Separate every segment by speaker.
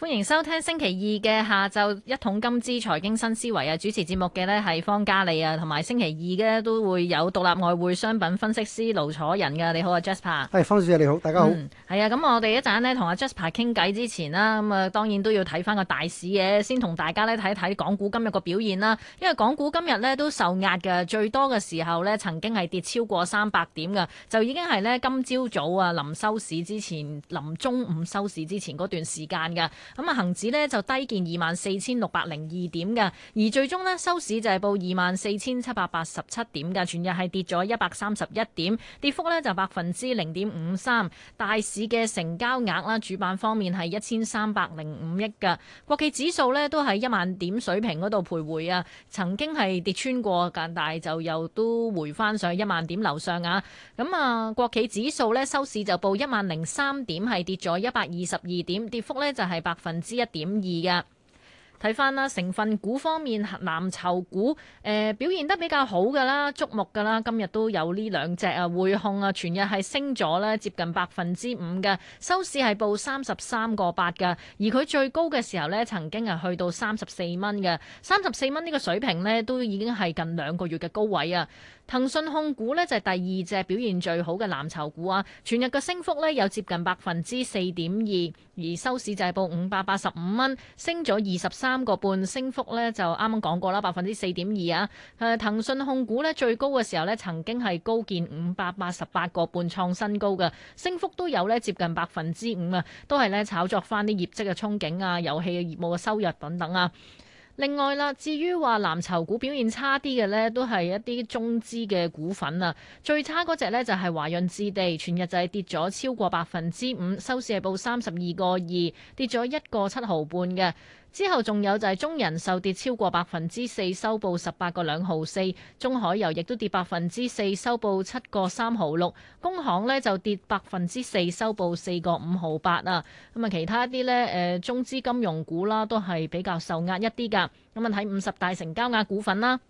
Speaker 1: 歡迎收聽星期二嘅下晝一桶金之財經新思維啊！主持節目嘅呢係方嘉莉啊，同埋星期二嘅都會有獨立外匯商品分析師盧楚仁噶。你好啊，Jasper。係
Speaker 2: Jas 方小姐你好，大家好。
Speaker 1: 係啊、嗯，咁我哋一陣呢同阿 Jasper 傾偈之前啦，咁啊，當然都要睇翻個大市嘅，先同大家呢睇睇港股今日個表現啦。因為港股今日呢都受壓嘅，最多嘅時候呢曾經係跌超過三百點嘅，就已經係呢今朝早啊臨收市之前，臨中午收市之前嗰段時間嘅。咁啊，恒指咧就低見二萬四千六百零二點嘅，而最終咧收市就係報二萬四千七百八十七點嘅，全日係跌咗一百三十一點，跌幅咧就百分之零點五三。大市嘅成交額啦，主板方面係一千三百零五億嘅。國企指數咧都喺一萬點水平嗰度徘徊啊，曾經係跌穿過，但但係就又都回翻上一萬點樓上啊。咁啊，國企指數咧收市就報一萬零三點，係跌咗一百二十二點，跌幅咧就係百。百分之一點二嘅。睇翻啦，成分股方面，藍籌股誒、呃、表現得比較好嘅啦，觸目嘅啦，今日都有呢兩隻啊，匯控啊，全日係升咗咧，接近百分之五嘅，收市係報三十三個八嘅，而佢最高嘅時候呢，曾經係去到三十四蚊嘅，三十四蚊呢個水平呢，都已經係近兩個月嘅高位啊。騰訊控股呢，就係第二隻表現最好嘅藍籌股啊，全日嘅升幅呢，有接近百分之四點二，而收市就係報五百八十五蚊，升咗二十三個半，升幅呢，就啱啱講過啦，百分之四點二啊。誒，騰訊控股呢，最高嘅時候呢，曾經係高見五百八十八個半創新高㗎，升幅都有呢，接近百分之五啊，都係呢炒作翻啲業績嘅憧憬啊，遊戲嘅業務嘅收入等等啊。另外啦，至於話藍籌股表現差啲嘅呢，都係一啲中資嘅股份啊。最差嗰隻呢，就係華潤置地，全日就係跌咗超過百分之五，收市係報三十二個二，跌咗一個七毫半嘅。之後仲有就係中人壽跌超過百分之四，收報十八個兩毫四；中海油亦都跌百分之四，收報七個三毫六。工行呢就跌百分之四，收報四個五毫八啊。咁啊，其他啲呢？誒中資金融股啦，都係比較受壓一啲㗎。咁啊，睇五十大成交額股份啦。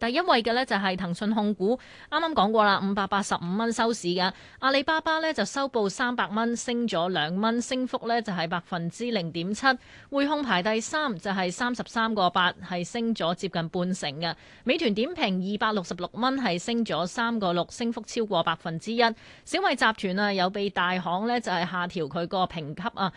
Speaker 1: 第一位嘅呢就係騰訊控股，啱啱講過啦，五百八十五蚊收市㗎。阿里巴巴呢就收報三百蚊，升咗兩蚊，升幅呢就係百分之零點七。匯控排第三就係三十三個八，係升咗接近半成嘅。美團點評二百六十六蚊係升咗三個六，升幅超過百分之一。小米集團啊有被大行呢就係下調佢個評級啊。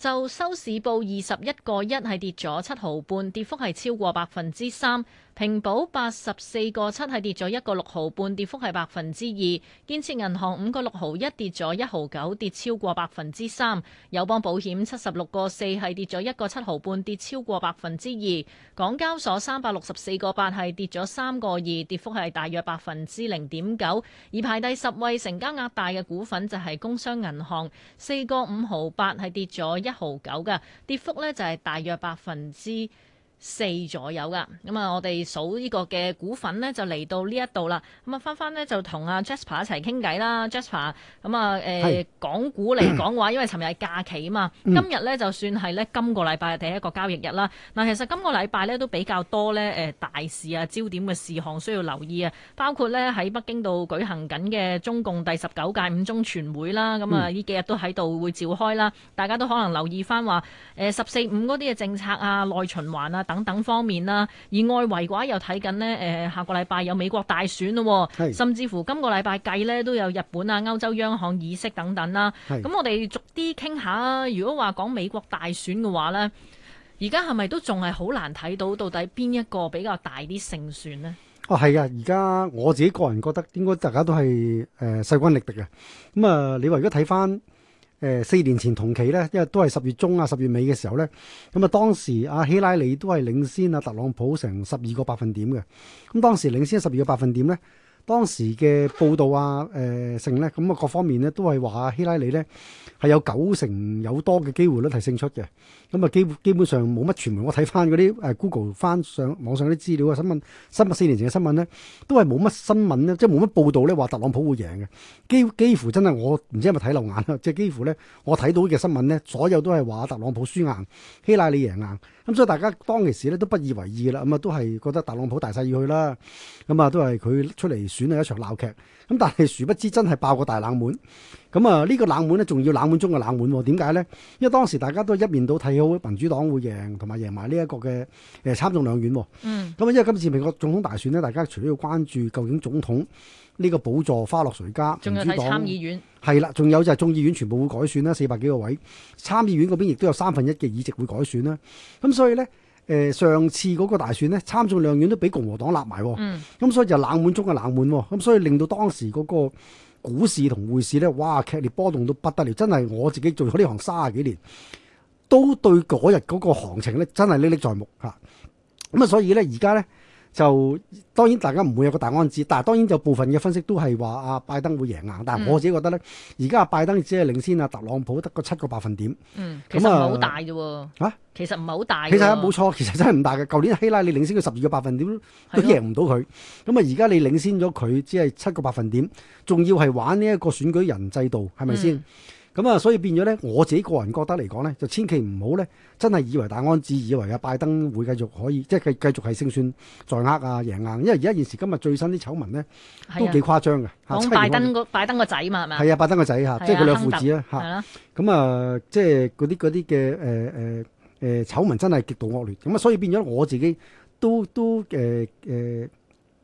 Speaker 1: 就收市報二十一個一，係跌咗七毫半，跌幅係超過百分之三。平保八十四個七係跌咗一個六毫半，跌幅係百分之二。建設銀行五個六毫一跌咗一毫九，跌超過百分之三。友邦保險七十六個四係跌咗一個七毫半，跌超過百分之二。港交所三百六十四個八係跌咗三個二，跌幅係大約百分之零點九。而排第十位成交額大嘅股份就係工商銀行，四個五毫八係跌咗一。一毫九噶跌幅咧，就係大約百分之四左右噶，咁啊，我哋數呢個嘅股份呢，就嚟到呢一度啦。咁啊，翻翻呢，就同阿 Jasper 一齊傾偈啦，Jasper。咁啊，誒，港股嚟講嘅話，因為尋日係假期啊嘛，嗯、今日呢，就算係呢今個禮拜第一個交易日啦。嗱，其實今個禮拜呢，都比較多呢誒、呃、大事啊、焦點嘅事項需要留意啊，包括呢喺北京度舉行緊嘅中共第十九屆五中全會啦，咁、嗯、啊，呢、嗯、幾日都喺度會召開啦。大家都可能留意翻話誒十四五嗰啲嘅政策啊、內循環啊。等等方面啦，而外圍嘅話又睇緊呢。誒、呃、下個禮拜有美國大選咯，是甚至乎今個禮拜計呢都有日本啊、歐洲央行議息等等啦。咁是我哋逐啲傾下，如果話講美國大選嘅話呢，而家係咪都仲係好難睇到到底邊一個比較大啲勝算呢？
Speaker 2: 哦，係啊，而家我自己個人覺得應該大家都係誒勢均力敵嘅。咁啊、呃，你話如果睇翻？誒、呃、四年前同期咧，因為都係十月中啊、十月尾嘅時候咧，咁、嗯、啊當時阿、啊、希拉里都係領先阿、啊、特朗普成十二個百分點嘅，咁、嗯、當時領先十二個百分點咧。當時嘅報道啊，誒勝咧，咁啊各方面咧都係話希拉里咧係有九成有多嘅機會率係勝出嘅。咁啊基基本上冇乜傳媒，我睇翻嗰啲誒 Google 翻上網上啲資料啊新聞，新聞四年前嘅新聞咧都係冇乜新聞咧，即係冇乜報道咧話特朗普會贏嘅。基幾，幾乎真係我唔知係咪睇漏眼啦，即係幾乎咧我睇到嘅新聞咧，所有都係話特朗普輸硬，希拉里贏硬。咁、嗯、所以大家當其時咧都不以為意啦，咁、嗯、啊都係覺得特朗普大勢要去啦，咁啊都係佢出嚟。選係一場鬧劇，咁但係殊不知真係爆個大冷門，咁啊呢個冷門咧，仲要冷門中嘅冷門，點解咧？因為當時大家都一面倒睇好民主黨會贏，同埋贏埋呢一個嘅誒參眾兩院。嗯。咁因為今次美國總統大選咧，大家除咗要關注究竟總統呢個寶座花落誰家，仲有睇參議院，係啦，仲有就係眾議院全部會改選啦，四百幾個位，參議院嗰邊亦都有三分一嘅議席會改選啦，咁所以咧。誒上次嗰個大選咧，參眾兩院都俾共和黨立埋，咁、嗯、所以就冷門中嘅冷門，咁所以令到當時嗰個股市同匯市咧，哇劇烈波動到不得了，真係我自己做咗呢行卅幾年，都對嗰日嗰個行情咧真係歷歷在目嚇。咁啊，所以咧而家咧。就當然大家唔會有個大安旨意，但係當然就部分嘅分析都係話阿拜登會贏硬，但係我自己覺得呢，而家、嗯、拜登只係領先阿特朗普得個七個百分點，咁其實唔係好大
Speaker 1: 啫喎，其實唔係好大，其實冇、啊、錯，
Speaker 2: 其實真係唔大嘅。舊年希拉里領先佢十二個百分點都贏唔到佢，咁啊而家你領先咗佢只係七個百分點，仲是的、嗯、要係玩呢一個選舉人制度，係咪先？嗯咁啊、嗯，所以變咗咧，我自己個人覺得嚟講咧，就千祈唔好咧，真係以為大安旨意，以為啊，拜登會繼續可以即係繼繼續係勝算在握啊，贏硬、啊。因為而家現時今日最新啲醜聞咧，都幾誇張嘅。講、啊、拜登
Speaker 1: 個拜登個仔嘛係咪啊？係係啊，拜登個
Speaker 2: 仔嚇，即係佢兩父子嚇。咁啊，即係嗰啲嗰啲嘅誒誒誒醜聞真係極度惡劣。咁啊，所以變咗我自己都都誒誒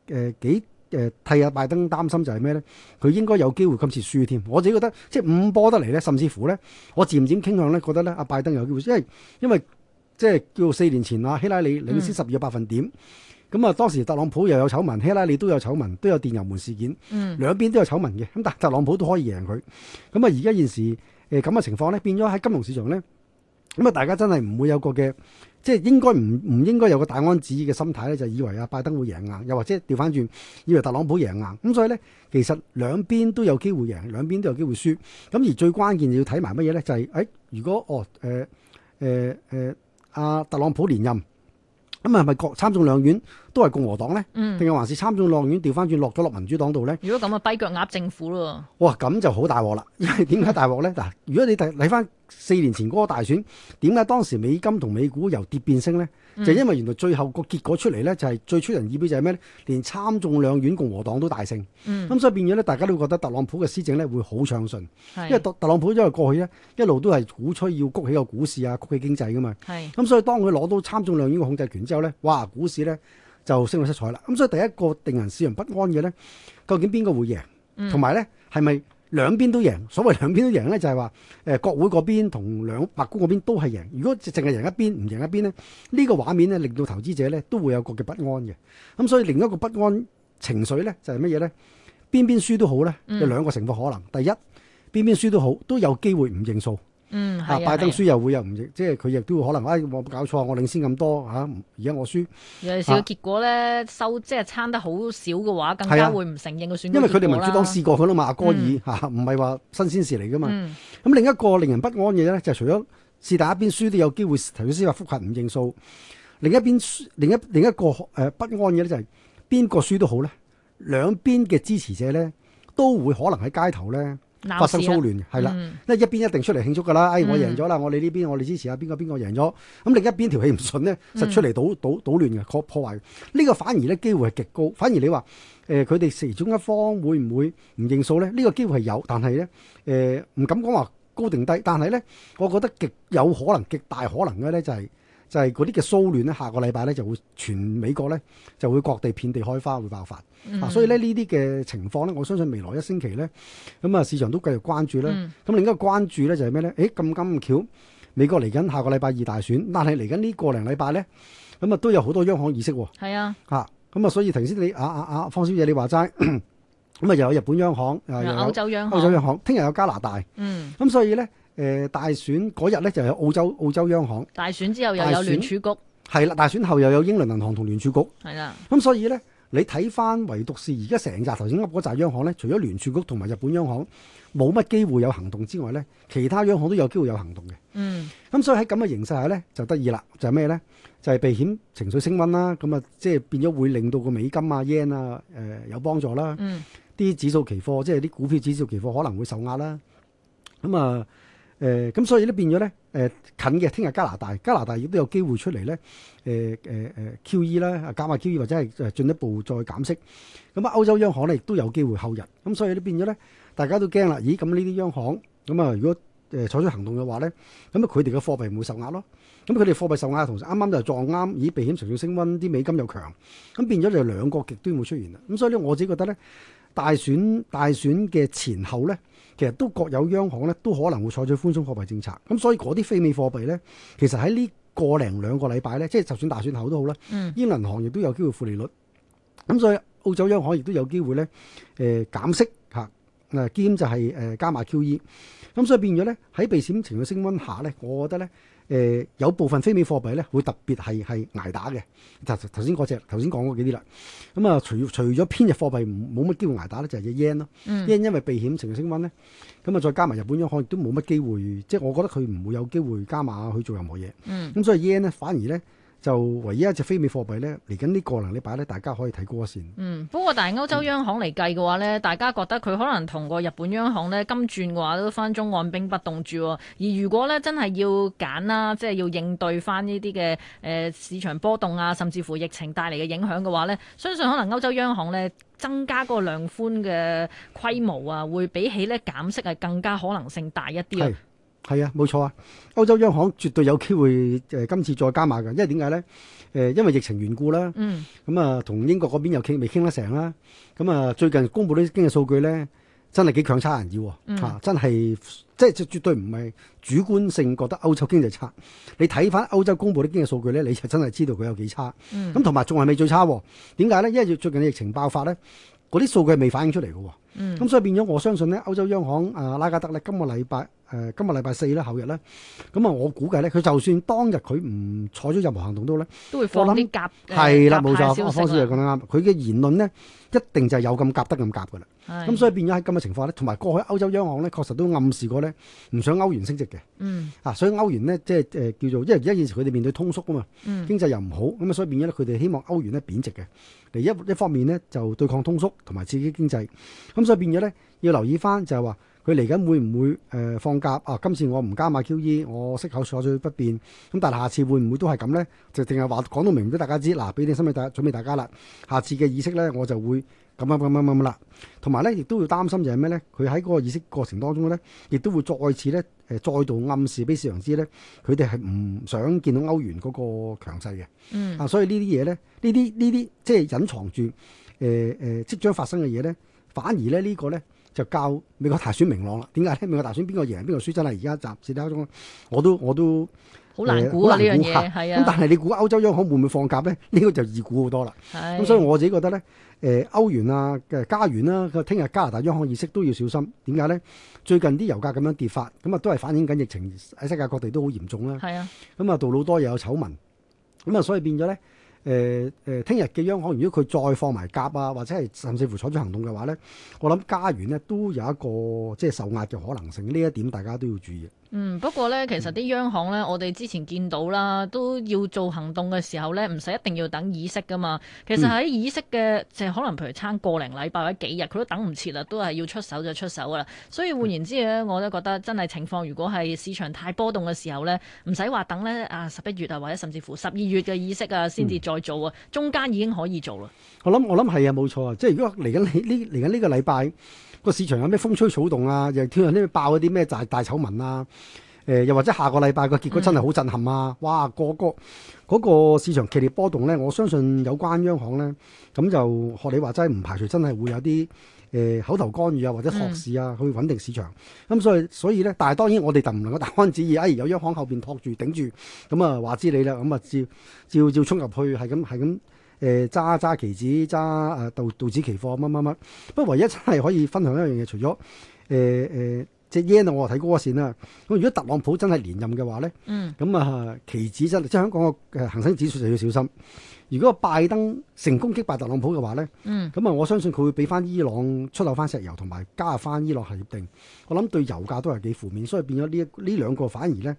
Speaker 2: 誒幾。誒、呃，替阿拜登擔心就係咩咧？佢應該有機會今次輸添。我自己覺得，即係五波得嚟咧，甚至乎咧，我漸漸傾向咧，覺得咧，阿拜登有機會輸，因為因為即係叫四年前啊，希拉里領先十二個百分點，咁啊，嗯、當時特朗普又有醜聞，希拉里都有醜聞，都有電油門事件，嗯，兩邊都有醜聞嘅，咁但係特朗普都可以贏佢，咁啊，而家現時誒咁嘅情況咧，變咗喺金融市場咧，咁啊，大家真係唔會有個嘅。即係應該唔唔應該有個大安子嘅心態咧，就以為啊拜登會贏硬，又或者調返轉以為特朗普贏硬咁，所以咧，其實兩邊都有機會贏，兩邊都有機會輸。咁而最關鍵要睇埋乜嘢咧？就係、是、誒、哎、如果哦誒誒誒阿特朗普連任，咁係咪各參眾兩院？都係共和黨呢，嗯，定係還是參眾兩院調翻轉落咗落民主黨度呢？如
Speaker 1: 果咁啊，跛腳鴨政府咯。
Speaker 2: 哇，咁就好大鑊啦！因為點解大鑊呢？嗱，是的 如果你睇睇翻四年前嗰個大選，點解當時美金同美股由跌變升呢？嗯、就因為原來最後個結果出嚟呢，就係最出人意表就係咩呢？連參眾兩院共和黨都大勝，嗯，咁所以變咗呢，大家都會覺得特朗普嘅施政呢會好暢順，因為特特朗普因為過去呢，一路都係鼓吹要谷起個股市啊，谷起經濟㗎嘛，係咁的，所以當佢攞到參眾兩院嘅控制權之後呢，哇，股市呢。就升到七彩啦。咁所以第一個令人市場不安嘅呢，究竟邊個會贏？同埋、嗯、呢，係咪兩邊都贏？所謂兩邊都贏呢，就係話誒國會嗰邊同兩白宮嗰邊都係贏。如果淨係贏一邊唔贏一邊呢，呢、呢個畫面呢，令到投資者呢，都會有個嘅不安嘅。咁所以另一個不安情緒呢，就係乜嘢呢？邊邊輸都好呢，有兩個情況可能。嗯、第一邊邊輸都好都有機會唔認數。嗯，啊啊、拜登輸又會又唔認，啊、即係佢亦都會可能，哎，我搞錯，我領先咁多吓，而、啊、家我輸。
Speaker 1: 尤其是個結果咧，啊、收即係差得好少嘅話，更加會唔承認個選舉結果啦。因為佢哋民主黨試
Speaker 2: 過佢啦嘛，阿、啊、戈爾吓，唔係話新鮮事嚟噶嘛咁、嗯嗯、另一個令人不安嘅咧，就係、是、除咗是但一邊輸都有機會，頭先話復核唔認數。另一邊另一另一個誒不安嘅咧，就係邊個輸都好咧，兩邊嘅支持者咧都會可能喺街頭咧。發生騷亂，係啦、嗯，因為一邊一定出嚟慶祝噶啦，哎，我贏咗啦，我哋呢邊，我哋支持下邊個邊個贏咗，咁另一邊條氣唔順咧，就出嚟搗搗搗亂嘅，破破壞。呢、這個反而咧機會係極高，反而你話，誒、呃，佢哋其中一方會唔會唔認數咧？呢、這個機會係有，但係咧，誒、呃，唔敢講話高定低，但係咧，我覺得極有可能，極大可能嘅咧就係、是。就係嗰啲嘅騷亂咧，下個禮拜咧就會全美國咧就會各地遍地開花，會爆發、嗯、啊！所以咧呢啲嘅情況咧，我相信未來一星期咧，咁啊市場都繼續關注啦。咁、嗯、另一個關注咧就係咩咧？誒咁咁巧，美國嚟緊下，下個禮拜二大選，但係嚟緊呢個零禮拜咧，咁、嗯、啊都有好多央行議息
Speaker 1: 喎。
Speaker 2: 係啊，嚇、啊！咁啊，所以頭先你啊啊啊方小姐你話齋，咁啊 又有日本央行，又有歐洲央行，歐洲央行聽日有加拿大。嗯。咁、嗯、所以咧。誒、呃，大選嗰日咧就有澳洲、澳洲央行，大選之後又有聯儲局，係啦、啊，大選後又有英倫銀行同聯儲局，係啦的。咁、啊、所以咧，你睇翻唯獨是而家成扎頭先噏嗰扎央行咧，除咗聯儲局同埋日本央行冇乜機會有行動之外咧，其他央行都有機會有行動嘅。嗯。咁所以喺咁嘅形勢下咧，就得意啦，就係咩咧？就係、是、避險情緒升温啦。咁啊，即係變咗會令到個美金啊、yen 啊、誒、呃、有幫助啦。嗯。啲指數期貨即係啲股票指數期貨可能會受壓啦。咁啊。Sound m 誒咁、呃、所以咧，變咗咧，誒近嘅聽日加拿大，加拿大亦都有機會出嚟咧，誒誒誒 QE 啦，啊加碼 QE 或者係進一步再減息，咁啊、嗯、歐洲央行咧，亦都有機會後日，咁、嗯、所以都變咗咧，大家都驚啦，咦咁呢啲央行咁啊、嗯、如果誒、呃、採取行動嘅話咧，咁啊佢哋嘅貨幣唔會受壓咯，咁佢哋貨幣受壓嘅同時啱啱就撞啱咦避險情緒升温，啲美金又強，咁、嗯、變咗就兩個極端會出現啦，咁、嗯、所以咧，我自己覺得咧，大選，大選嘅前後咧。其實都各有央行咧，都可能會採取寬鬆貨幣政策，咁、嗯、所以嗰啲非美貨幣咧，其實喺呢個零兩個禮拜咧，即係就算大選後都好啦，啲、嗯、銀行亦都有機會負利率，咁、嗯、所以澳洲央行亦都有機會咧，誒、呃、減息嚇，誒、啊、兼就係、是、誒、呃、加碼 QE，咁、嗯、所以變咗咧喺避險情緒升温下咧，我覺得咧。誒、呃、有部分非美貨幣咧，會特別係係捱打嘅，頭頭先嗰隻頭先講嗰幾啲啦。咁、嗯就是、啊，除除咗偏弱貨幣冇乜機會捱打咧，就係隻 yen 咯。yen 因為避險情緒升温咧，咁、嗯、啊再加埋日本央行亦都冇乜機會，即係我覺得佢唔會有機會加碼去做任何嘢。咁、嗯嗯、所以 yen 咧反而咧。就唯一一隻非美貨幣呢，嚟緊呢個能力擺呢，大家可以睇過先。
Speaker 1: 嗯，不過但係歐洲央行嚟計嘅話呢，嗯、大家覺得佢可能同個日本央行呢，今轉嘅話都分分鐘按兵不動住、哦。而如果呢，真係要揀啦、啊，即係要應對翻呢啲嘅誒市場波動啊，甚至乎疫情帶嚟嘅影響嘅話呢，相信可能歐洲央行呢，增加嗰個量寬嘅規模啊，會比起呢減息係更加可能性大一啲。
Speaker 2: 係啊，冇錯啊！歐洲央行絕對有機會誒、呃，今次再加碼嘅，因為點解咧？誒、呃，因為疫情緣故啦。嗯。咁啊、嗯，同英國嗰邊又傾，未傾得成啦。咁、嗯、啊，最近公布啲經濟數據咧，真係幾強差人意喎、啊嗯啊。真係，即係就絕對唔係主觀性覺得歐洲經濟差。你睇返歐洲公布啲經濟數據咧，你就真係知道佢有幾差。咁同埋仲係未最差喎、啊？點解咧？因為最近嘅疫情爆發咧，嗰啲數據係未反映出嚟嘅喎。咁所以變咗，我相信咧，歐洲央行啊拉加德咧，今個禮拜誒，今個禮拜四咧，後日咧，咁啊，我估計咧，佢就算當日佢唔採取任何行動都咧，都會放啲夾
Speaker 1: 係啦，冇錯，方少爺講得
Speaker 2: 啱，佢嘅言論咧，一定就係有咁夾得咁夾噶啦。咁所以變咗喺咁嘅情況咧，同埋過去歐洲央行咧，確實都暗示過咧，唔想歐元升值嘅。啊，所以歐元咧即係誒叫做，因為而家現時佢哋面對通縮啊嘛，經濟又唔好，咁啊所以變咗咧佢哋希望歐元咧貶值嘅嚟一一方面咧就對抗通縮同埋刺激經濟咁。所以變咗咧，要留意翻就係話佢嚟緊會唔會誒、呃、放假啊？今次我唔加碼 QE，我息口採取不變。咁但係下次會唔會都係咁咧？就淨係話講到明俾大家知。嗱，俾啲心理大家，大家準備大家啦。下次嘅議息咧，我就會咁樣咁樣咁樣啦。同埋咧，亦都要擔心就係咩咧？佢喺嗰個議息過程當中咧，亦都會再次咧誒、呃、再度暗示俾市場知咧，佢哋係唔想見到歐元嗰個強勢嘅。嗯。啊，所以呢啲嘢咧，呢啲呢啲即係隱藏住誒誒即將發生嘅嘢咧。反而咧呢個咧就較美國大選明朗啦。點解咧？美國大選邊個贏邊個輸真係而家集時差中，我都我都
Speaker 1: 好難估啦呢樣嘢。咁、呃啊、但係
Speaker 2: 你估歐洲央行會唔會放鴿咧？呢、呢個就易估好多啦。咁、啊、所以我自己覺得咧，誒、呃、歐元啊嘅加元啦、啊，聽日加拿大央行議息都要小心。點解咧？最近啲油價咁樣跌法咁啊，都係反映緊疫情喺世界各地都好嚴重啦。係啊，咁啊杜魯、嗯、多又有醜聞，咁啊所以變咗咧。誒誒，聽日嘅央行，如果佢再放埋鴿啊，或者係甚至乎採取行動嘅話呢，我諗加元呢都有一個即係受壓嘅可能性，呢一點大家都要注意。
Speaker 1: 嗯，不過呢，其實啲央行呢，我哋之前見到啦，都要做行動嘅時候呢，唔使一定要等議息噶嘛。其實喺議息嘅，嗯、就可能譬如差個零禮拜或者幾日，佢都等唔切啦，都係要出手就出手噶啦。所以換言之咧，我都覺得真係情況，如果係市場太波動嘅時候呢，唔使話等呢啊十一月啊，或者甚至乎十二月嘅議息啊，先至再做啊，嗯、中間已經
Speaker 2: 可以做啦。我諗我諗係啊，冇錯啊，即係如果嚟緊呢嚟緊呢個禮拜。個市場有咩風吹草動啊？又跳人呢度爆嗰啲咩大大醜聞啊？誒、呃，又或者下個禮拜個結果真係好震撼啊！嗯、哇，個個嗰、那個、市場劇烈波動咧，我相信有關央行咧，咁就學你話齋，唔排除真係會有啲誒、呃、口頭干預啊，或者托市啊，去穩定市場。咁、嗯嗯、所以所以咧，但係當然我哋就唔能夠打安指意。哎，有央行後邊托住頂住，咁啊話知你啦，咁啊照照，照照照衝入去，係咁係咁。誒，揸揸期指，揸誒道道指期貨，乜乜乜。不過唯一真係可以分享一樣嘢，除咗誒誒隻 y 我睇高個線啦。咁如果特朗普真係連任嘅話咧，嗯，咁啊期指真即係香港嘅恒生指數就要小心。如果拜登成功擊敗特朗普嘅話咧，嗯，咁啊我相信佢會俾翻伊朗出口翻石油同埋加翻伊朗協定。我諗對油價都係幾負面，所以變咗呢呢兩個反而咧。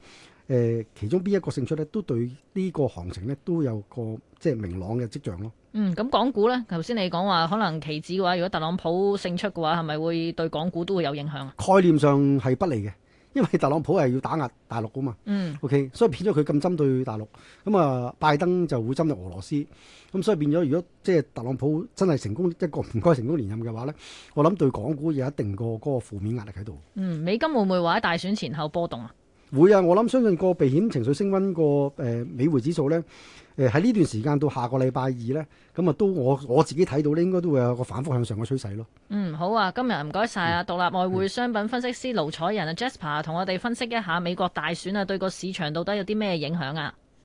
Speaker 2: 誒，其中邊一個勝出咧，都對呢個行情咧都有個即係明朗嘅跡象咯。嗯，
Speaker 1: 咁港股咧，頭先你講話可能期指嘅話，如果特朗普勝出嘅話，係咪會對港股都會有影響啊？
Speaker 2: 概念上係不利嘅，因為特朗普係要打壓大陸噶嘛。嗯。OK，所以變咗佢咁針對大陸，咁啊拜登就會針對俄羅斯。咁所以變咗，如果即係特朗普真係成功一個唔該成功連任嘅話咧，我諗對港股有一定個嗰個負面壓力喺度。嗯，
Speaker 1: 美金會唔會話喺大選前後波動啊？
Speaker 2: 會啊！我諗相信個避險情緒升溫個誒、呃、美匯指數呢，誒喺呢段時間到下個禮拜二呢，咁啊都我我自己睇到咧，應該都會有個反覆向上嘅趨勢咯。嗯，
Speaker 1: 好啊！今日唔該晒啊，獨立外匯商品分析師盧彩仁啊，Jasper 同的我哋分析一下美國大選啊，對個市場到底有啲咩影響啊？